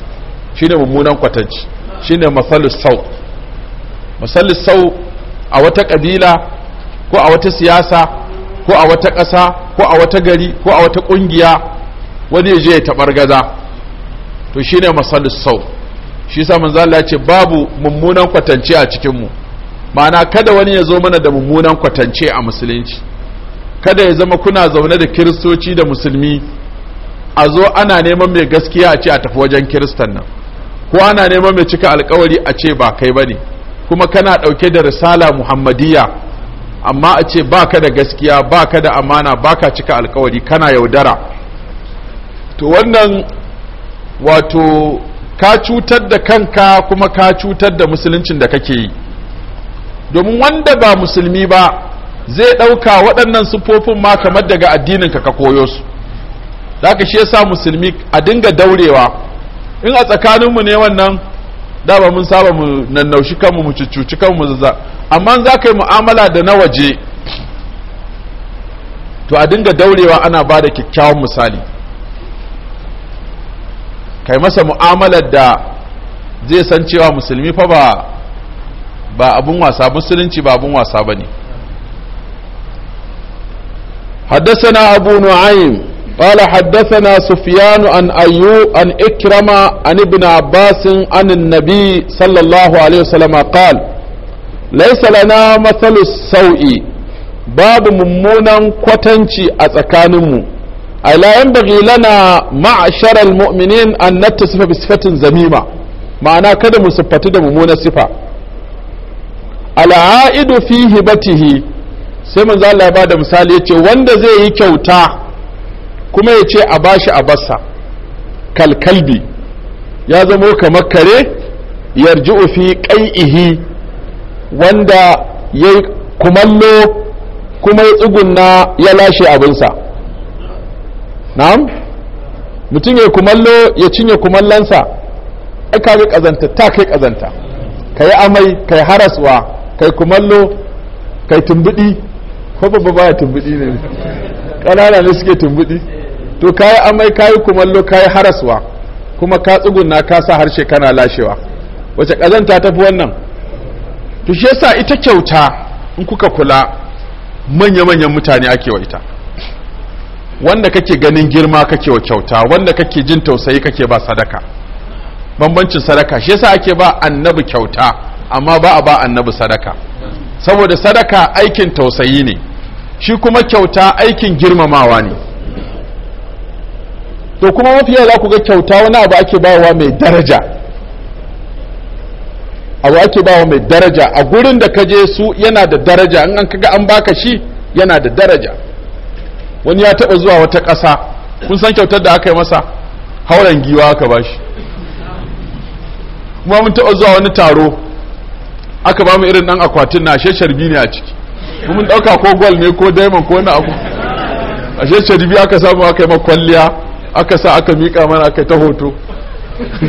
shine mummunan kwatance shine masalus sau masalus sau a wata kabila ko a wata siyasa ko a wata ƙasa ko a wata gari ko a wata ƙungiya wani ya je ya taɓar gaza to shine masalus sau shi sa manzo Allah ya ce babu mummunan kwatance a cikin mu ma'ana kada wani ya zo mana da mummunan kwatance a musulunci kada ya zama kuna zaune da kiristoci da musulmi a zo ana neman mai gaskiya a ce a tafi wajen kiristan nan ko ana neman mai cika alkawari a ce ba kai bane kuma kana dauke da risala muhammadiyya amma a ce baka da gaskiya baka da amana baka cika alkawari kana yaudara to wannan wato ka cutar da kanka kuma ka cutar da musuluncin da kake yi domin wanda ba musulmi ba zai ɗauka waɗannan siffofin ma kamar daga addininka ka koyo su da shi yasa musulmi a dinga daurewa in a tsakaninmu ne wannan da ba mun saba mu nannaushi kanmu mu cucuci kanmu mu zaza amma za ka yi mu'amala da na waje to a dinga daurewa ana ba da kyakkyawan misali kai masa mu'amalar da zai san cewa musulmi fa ba ba abun wasa musulunci ba abun wasa bane haddathana abu nu'aym qala haddathana sufyan an ayyu an ikrama an ibn abbas an an sallallahu alaihi wasallam qala laysa lana mathalu sawi babu mummunan kwatanci a tsakaninmu mu A layin da biyu na na ma'asharar mu'uminin Annatu Sifasifatin Zamima ma'ana kada mu siffatu da mumuna sifa. A lahai du fiye batihi, sai mun zalla ba da misali yace wanda zai yi kyauta kuma ya ce a bashi a basa. Kalkalbi ya zamo kamar kare ji ufi kai'i wanda kumallo kuma tsuguna ya lashe abinsa. na'am mutum ya kumallo ya cinye kumallonsa ai ka kazanta ta kai kazanta ka yi amai ka yi haraswa ka yi kumallo ka yi ko babba baya tumbiɗi ne ƙanana ne suke tumbiɗi to ka yi amai ka yi kumallo ka yi haraswa kuma ka tsuguna ka sa harshe kana lashewa wace kazanta ta fi wannan to shi yasa ita kyauta in kuka kula manya-manyan mutane ake wa ita wanda kake ganin girma kake wa kyauta wanda kake jin tausayi kake ba sadaka bambancin sadaka shi yasa ake ba annabi kyauta amma ba a ba annabi sadaka saboda sadaka aikin tausayi ne shi kuma kyauta aikin girmamawa ne to kuma mafi yawa za ku ga kyauta wani abu ake bawa mai daraja abu ake bawa mai daraja a gurin da ka je su yana da daraja in an kaga an baka shi yana da daraja wani ya taɓa zuwa wata ƙasa kun san kyautar da aka yi masa hauren giwa aka ba shi kuma mun taɓa zuwa wani taro aka ba mu irin ɗan akwatin na ashe sharbi ne a ciki mun ɗauka ko gwal ne ko daimon ko wani abu ashe sharbi aka samu aka yi makwalliya aka sa aka miƙa mana aka ta hoto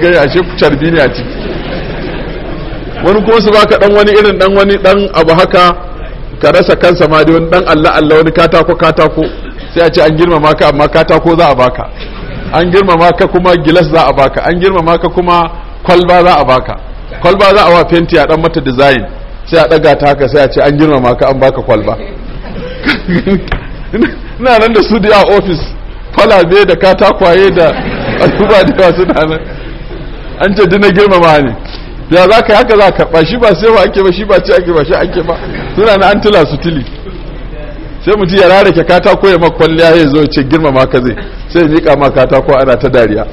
gani ashe sharbi ne a ciki wani kuma su baka ɗan wani irin ɗan wani ɗan abu haka ka rasa kansa ma dai wani ɗan allah allah wani katako katako sai a ce an girmama ka amma katako za a baka an girmama ka kuma gilas za a baka an girmama ka kuma kwalba za a baka kwalba za a wa fenti a dan mata design sai a daga ta haka sai a ce an girmama ka an baka kwalba ina nan da su da office kwalabe da katakwaye da alfuba da wasu nan an ce dina girmama ne ya za ka haka za ka ba shi ba sai ba ake ba shi ba ce ake ba shi ake ba suna na an tila sai mutum ya rarake katako ya kwalliya ya zo ce girmama ka zai sai ka ma katako ana ta dariya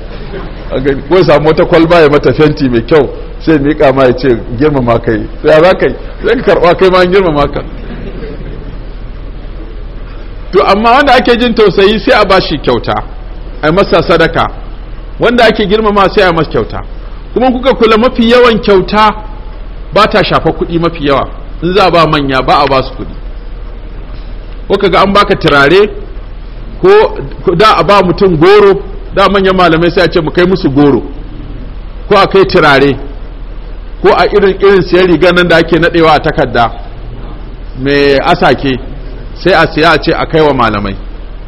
ko samu wata kwalba ya mata fenti mai kyau sai ka ma ya ce girmama ka yi sai ya za ka yi sai ka karɓa kai ma girmama ka to amma wanda ake jin tausayi sai a bashi kyauta a masa sadaka wanda ake girmama sai a masa kyauta kuma kuka kula mafi yawan kyauta ba ta shafa kuɗi mafi yawa in za ba manya ba a ba su kuɗi ko ga an baka turare ko da a ba mutum goro da manyan malamai sai a ce mu kai musu goro ko a kai turare ko a irin irin siyan riga nan da ake nadewa a takarda mai asake sai a siya a ce a kai wa malamai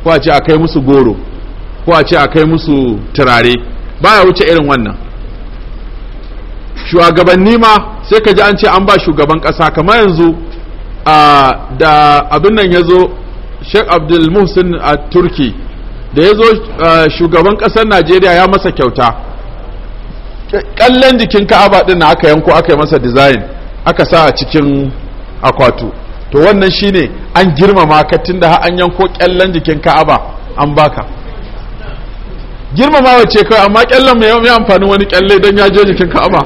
ko a ce a kai musu goro ko a ce a kai musu turare baya wuce irin wannan shugabanni ma sai ka ji an ce an ba shugaban kasa kamar yanzu da abin nan ya zo sheikh abdul muhsin a turki da ya zo shugaban ƙasar najeriya ya masa kyauta ƙallen jikin ka'aba ɗin na aka yanko aka yi masa design aka sa a cikin akwatu to wannan shine an girmama ka da har an yanko ƙyallen jikin ka'aba an baka girmama wace kawai amma ƙyallen mai amfani wani ƙyalle don ya je jikin ka'aba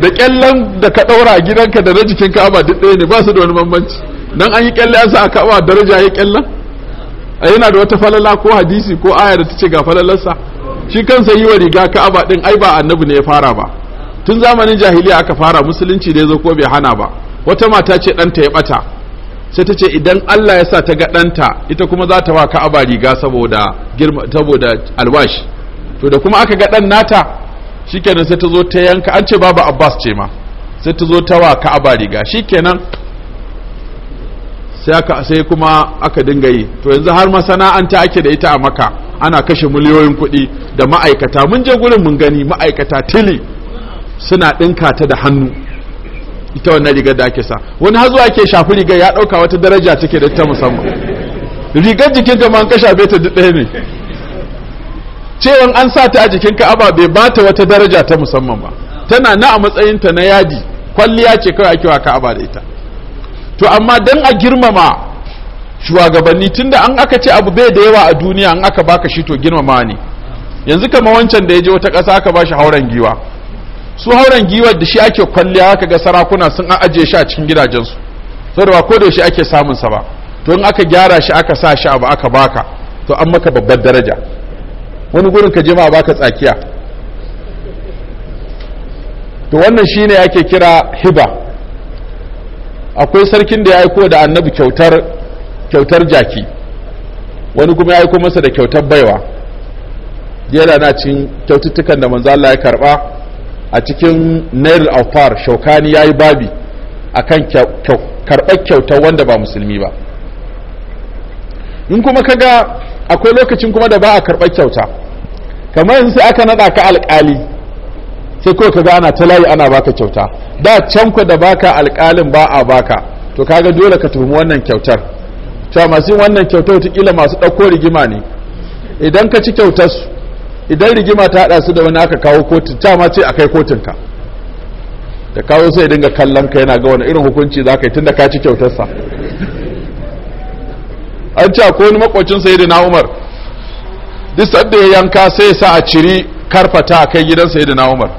da ƙyallen da ka daura a gidanka da na jikin ka'aba duk ɗaya ne ba su da wani bambanci dan an yi kyalle an sa a ka'aba daraja ya kyalla a yana da wata falala ko hadisi ko aya da ta ce ga falalarsa shi kansa yi wa riga ka'aba din ai ba annabi ne ya fara ba tun zamanin jahiliya aka fara musulunci da ya zo ko bai hana ba wata mata ce ɗanta ya ɓata sai ta ce idan Allah ya sa ta ga ɗanta ita kuma za ta wa ka'aba riga saboda girma saboda albashi. to da kuma aka ga ɗan nata shikenan sai ta zo ta yanka an ce baba abbas ce ma sai ta zo ta wa ka'aba riga shikenan sai aka sai kuma aka dinga yi to yanzu har masana'anta ake da ita a maka ana kashe miliyoyin kuɗi da ma'aikata mun je gurin mun gani ma'aikata tili suna ɗinka ta da hannu ita wannan rigar da ake sa wani har zuwa ake shafi rigar ya ɗauka wata daraja take da ta musamman rigar jikin ma an kashe ta duk ɗaya ne cewan an sa ta a jikin ka'aba bai ba ta wata daraja ta musamman ba tana na a matsayinta na yadi kwalliya ce kawai ake wa ka'aba da ita to amma dan a girmama shugabanni tunda an aka ce abu bai da yawa a duniya an aka baka shi to girmama ne yanzu kamar wancan da ya je wata ƙasa aka ba shi hauren giwa su hauren giwar da shi ake kwalliya aka ga sarakuna sun an ajiye shi a cikin gidajensu saboda ba ko da shi ake samun sa ba to in aka gyara shi aka sa shi abu aka baka to an maka babbar daraja wani gurin ka je baka tsakiya to wannan shine ake kira hiba akwai sarkin da ya aiko da annabi kyautar kyautar jaki wani kuma ya aiko masa da kyautar baiwa yana na cin kyaututtukan da manzo Allah ya karba a cikin Nail of far Shaukani yayi babi akan karɓar kyautar wanda ba musulmi ba in kuma kaga akwai lokacin kuma da ba a karɓar kyauta kamar yanzu sai aka naɗa ka alƙali sai ko kaga ana ta layi ana baka kyauta da can ku da baka alƙalin ba a baka to kaga dole ka tuhumi wannan kyautar to amma yin wannan kyautar ta kila masu ɗauko rigima ne idan ka ci kyautar su idan rigima ta haɗa su da wani aka kawo kotu ta ma ce akai kotun ka da kawo sai dinga kallon ka yana ga wani irin hukunci za ka yi tunda ka ci kyautar sa. an ce akwai wani makwacin sai umar duk sadda ya yanka sai sa a ciri karfata a kai gidan na Umar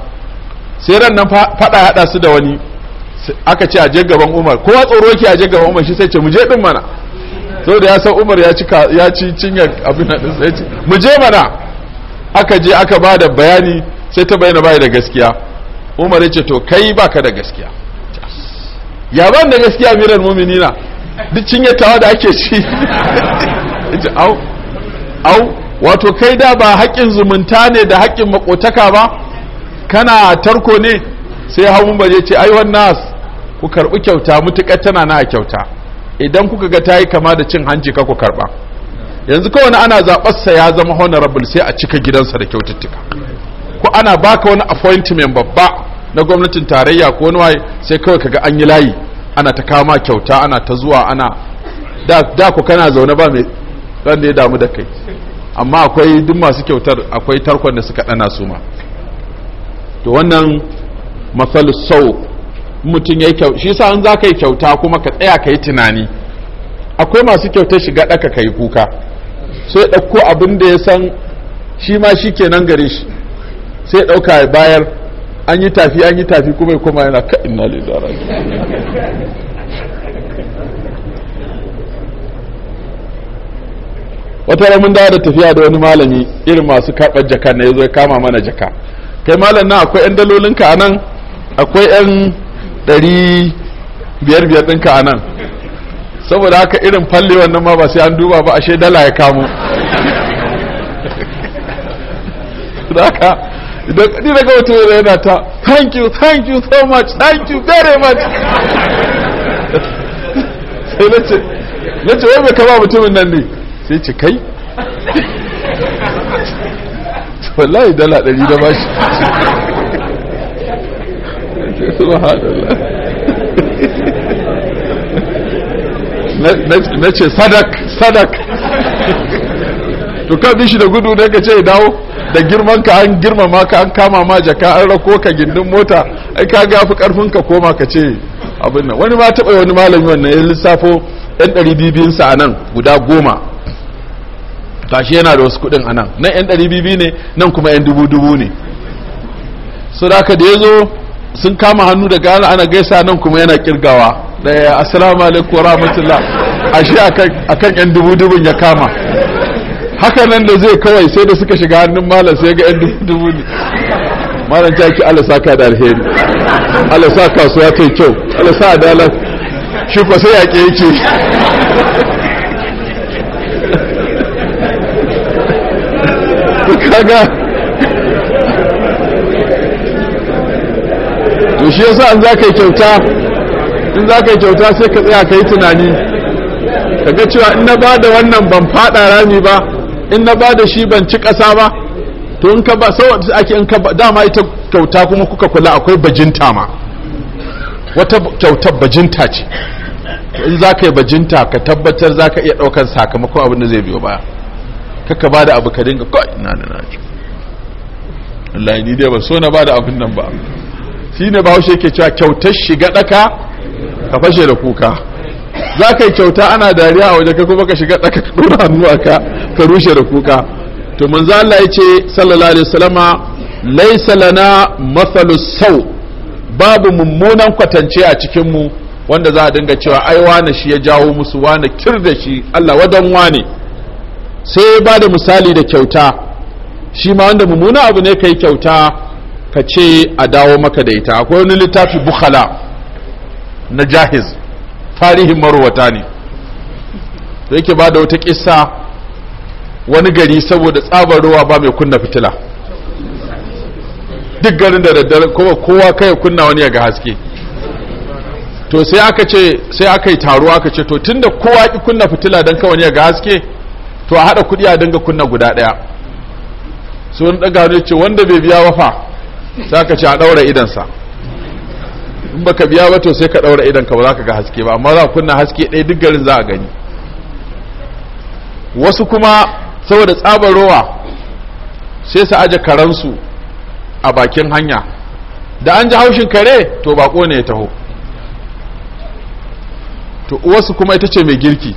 sai ran nan fada hada su da wani aka ce a je gaban Umar kowa tsoro yake a je gaban Umar shi sai ce mu je din mana saboda ya san Umar ya ci ya ci cinye abin nan sai ce mu je mana aka je aka ba da bayani sai ta bayyana bai da gaskiya Umar ya ce to kai baka da gaskiya ya ban da gaskiya miran mu'minina duk cinye tawa da ake ci au au wato kai da ba haƙƙin zumunta ne da haƙƙin makotaka ba kana tarko ne sai hawan baje ce ai nas ku karɓi kyauta mutuƙar tana na kyauta idan kuka ga tayi kama da cin hanci ka ku karɓa yanzu kowane ana sa ya zama honorable sai a cika gidansa da kyaututtuka ko ana baka wani appointment babba na gwamnatin tarayya ko wani waye sai kawai kaga an yi layi ana ta kama kyauta ana ta zuwa ana da ku kana zaune ba mai ran da ya damu da kai amma akwai duk masu kyautar akwai tarkon da suka ɗana su ma to wannan matsal sau mutum ya yi kyau shi sa in za ka yi kyauta kuma ka tsaya ka yi tunani akwai masu kyautar shiga ɗaka ka yi kuka sai ɗauko abin da ya san shi ma shi nan gare shi sai ɗauka bayar an yi tafi an yi tafi kuma ya koma yana ka lidara wata ramin dawo da tafiya da wani malami irin masu karɓar jaka na yazo ya kama mana jaka kai malam nan akwai yan dalolinka a nan akwai yan ɗari biyar biyar ɗinka a nan saboda haka irin falle wannan ma ba sai an duba ba ashe dala ya kamo haka idan kaɗi daga wata yana ta thank you thank you so much thank you very much sai na ce wai bai kama mutumin nan ne sai ci kai wallahi dala ɗari da ba shi na ce sadak sadak to kan shi da gudu ne ka ce dawo da girman ka an girmama ka an kama ma jaka an rako ka gindin mota ai ka gafi karfin ka koma ka ce abin nan wani ma taɓa wani malami wannan ya lissafo ɗan ɗari bibiyinsa a nan guda goma tashi yana da wasu kudin anan nan yan ɗari bibi ne nan kuma yan dubu dubu ne su da da ya zo sun kama hannu da ana ana gaisa nan kuma yana kirgawa ɗaya assalamu alaikum rahmatullah ashe akan yan dubu dubun ya kama haka nan da zai kawai sai da suka shiga hannun malam sai ga yan dubu dubu ne malam ta ki ka saka da alheri Allah saka su ya kai kyau Allah sa adalar shi ko sai yaƙe yake kaga to shi yasa an zakai kyauta in za kyauta sai ka tsaya ka yi tunani kaga cewa in na bada wannan ban fada rami ba in na bada shi ban ci kasa ba to in ka ba sau ake in ka dama ita kyauta kuma kuka kula akwai bajinta ma wata kyautar bajinta ce in za ka bajinta ka tabbatar zaka iya ɗaukar sakamakon abin da zai biyo baya kaka bada abu ka dinga kai ina da na ci ni dai ba so na bada abin nan ba shine bahaushe yake cewa kyautar shiga daka ka fashe da kuka za ka yi kyauta ana dariya a waje kai kuma ka shiga daka ka dora hannu aka ka rushe da kuka to manzo Allah ya ce sallallahu alaihi wasallama laysa lana mathalu sau babu mummunan kwatance a cikin mu wanda za a dinga cewa ai wane shi ya jawo musu wane kirda da shi Allah wadan wane sai ya da misali da kyauta shi ma wanda mummuna abu ne ka yi kyauta ka ce a dawo maka da ita akwai wani littafi bukhala na jahiz tarihin marowata ne da yake bada wata kisa wani gari saboda tsabar ruwa ba mai kunna fitila duk garin da daddare kuma kowa kai kunna wani ya ga haske to sai aka ce sai aka yi taro aka ce to tunda kowa ki kunna fitila dan kawai ya ga haske to a haɗa kuɗi a dinga kunna guda ɗaya su wani ɗaga ne ce wanda bai biya wafa sai ka ce a ɗaura idansa in baka biya ba to sai ka ɗaura ka ba za ka ga haske ba amma za ka kunna haske ɗaya duk garin za a gani wasu kuma saboda tsabar rowa sai su aje karansu a bakin hanya da an ji haushin kare to bako ne ya taho to wasu kuma ita ce mai girki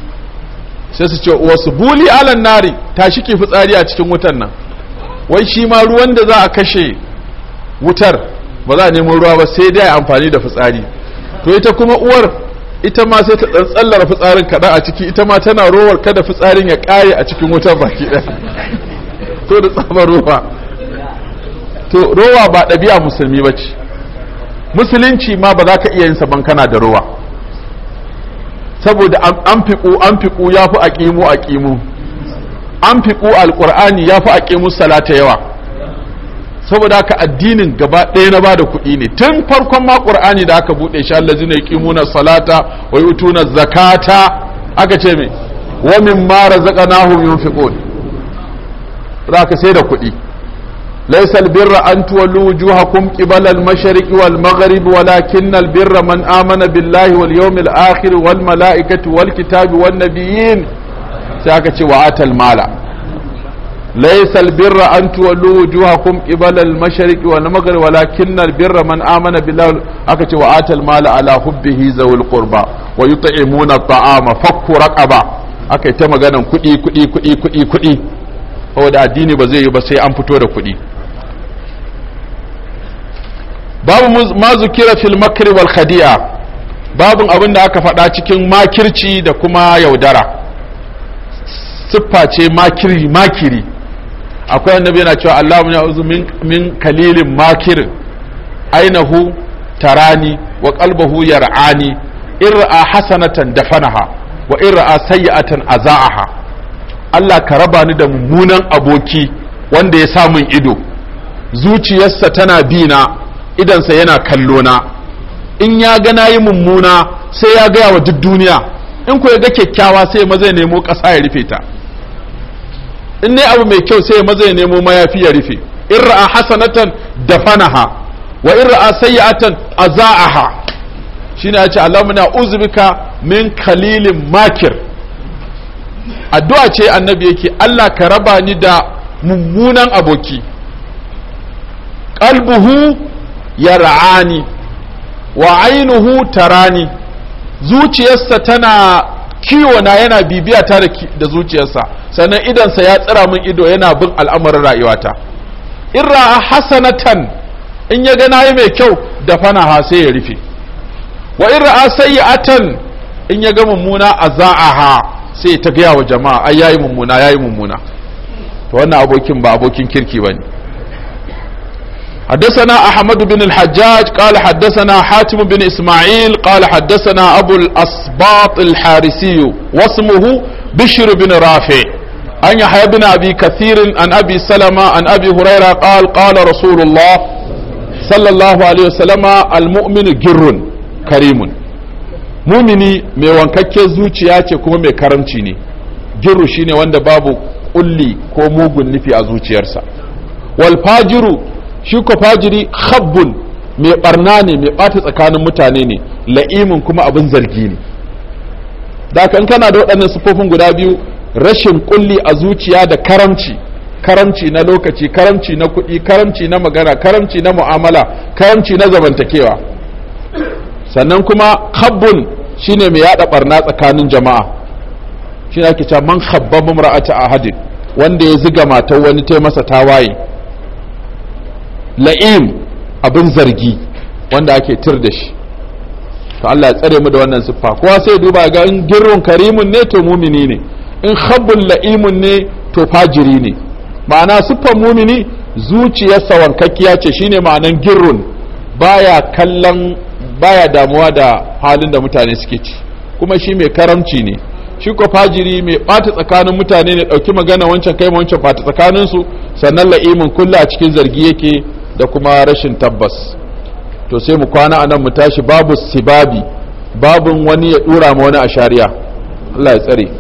sai su ce wasu buli alan nari tashi ke fitsari a cikin wutan nan wai shi ma ruwan da za a kashe wutar ba za a nemo ruwa ba sai dai amfani da fitsari to ita kuma uwar ita ma sai ta tsantsallar fitsarin kaɗan a ciki ita ma tana rowar kada fitsarin ya kare a cikin wutar baki ɗaya to da tsabar rowa to rowa ba ɗabi'a musulmi ba ce musulunci ma ba za ka iya yin saban kana da rowa saboda an fiƙo an fiƙo ya fi aƙimu aƙimu an fiƙo alƙur'ani ya fi aƙimu salata yawa saboda haka addinin gaba ɗaya na bada kuɗi ne tun farkon ma ƙur'ani da aka buɗe shi Allah zina na salata utu na zakata aka ce mai wa mimma razaqnahum yunfiqun zaka sai da kuɗi ليس البر أن تولوا وجوهكم قبل المشرق والمغرب ولكن البر من آمن بالله واليوم الآخر والملائكة والكتاب والنبيين ساكت وآت المال ليس البر أن تولوا وجوهكم قبل المشرق والمغرب ولكن البر من آمن بالله أكت وآت المال على حبه ذوي القربى ويطعمون الطعام فك رقبة أكت مغنم كئي كئي كئي كئي كئي saboda addini ba zai yi ba sai an fito da kuɗi babu ma zukira fil makri wal khadi'a babun abin da aka faɗa cikin makirci da kuma yaudara siffa ce makiri makiri akwai annabi yana cewa Allah ya uzu min kalilin makirin ainahu tarani wa qalbuhu yar'ani ir'a hasanatan dafanaha wa ir'a sayyi'atan aza'aha Allah ka raba ni da mummunan aboki wanda ya sa mun ido zuciyarsa tana bina idansa yana kallo na in ya ga nayi mummuna sai ya gaya wa duk duniya in ko ya ga kyakkyawa sai maza ya nemo ƙasa ya rufe ta in ne abu mai kyau sai maza ya nemo mayafi ya rufe in ra'a hasanatan dafanaha wa in ra'a sayyatan azaaha shine ya ce Allahumma uzbika min kalilin makir addu'a ce annabi yake Allah ka raba ni da mummunan aboki qalbuhu yar'ani wa ainuhu tarani zuciyarsa tana kiwona yana bibiya ta da zuciyarsa sannan idansa ya tsira min ido yana bin al'amarin rayuwata in ra'a hasanatan in ya ga nayi mai kyau da fana ha sai ya rufe wa in ra'a sayyi'atan in ya ga mummuna azaaha sai ta gaya wa jama'a ai yayi mummuna yayi mummuna to wannan abokin ba abokin kirki bane حدثنا أحمد بن الحجاج قال حدثنا حاتم بن إسماعيل قال حدثنا أبو الأسباط الحارسي واسمه بشر بن رافع أن يحيى بن أبي كثير عن أبي سلمة عن أبي هريرة قال قال رسول الله صلى الله عليه وسلم المؤمن جر كريم mumini mai wankakken zuciya ce kuma mai karamci ne girru shine wanda babu kulli ko mugun nufi a zuciyarsa wal fajiru shi ko fajiri khabbun mai barna ne mai bata tsakanin mutane ne la'imin kuma abin zargi ne da kan kana da waɗannan siffofin guda biyu rashin kulli a zuciya da karamci karamci na lokaci karamci na kuɗi karamci na magana karamci na mu'amala karamci na zamantakewa sannan kuma khabbun shine mai yada barna tsakanin jama'a shi ake cewa man khabba mumra'ata ahadin wanda ya ziga matar wani ta masa tawaye la'im abin zargi wanda ake tir da shi to Allah ya tsare mu da wannan siffa kowa sai duba ga in girrun karimun ne to mumini ne in khabbul la'imun ne to fajiri ne ma'ana siffan mumini zuciyarsa wankakkiya ce shine ma'anan girrun baya kallon baya damuwa da halin da mutane suke ci kuma shi mai karamci ne shi ko fajiri mai bata tsakanin mutane ne dauki magana wancan kai wancan bata tsakanin su sannan la'imin kullu a cikin zargi yake da kuma rashin tabbas to sai mu kwana a nan mu tashi babu sibabi babun wani ya dura ma wani a shari'a Allah ya tsare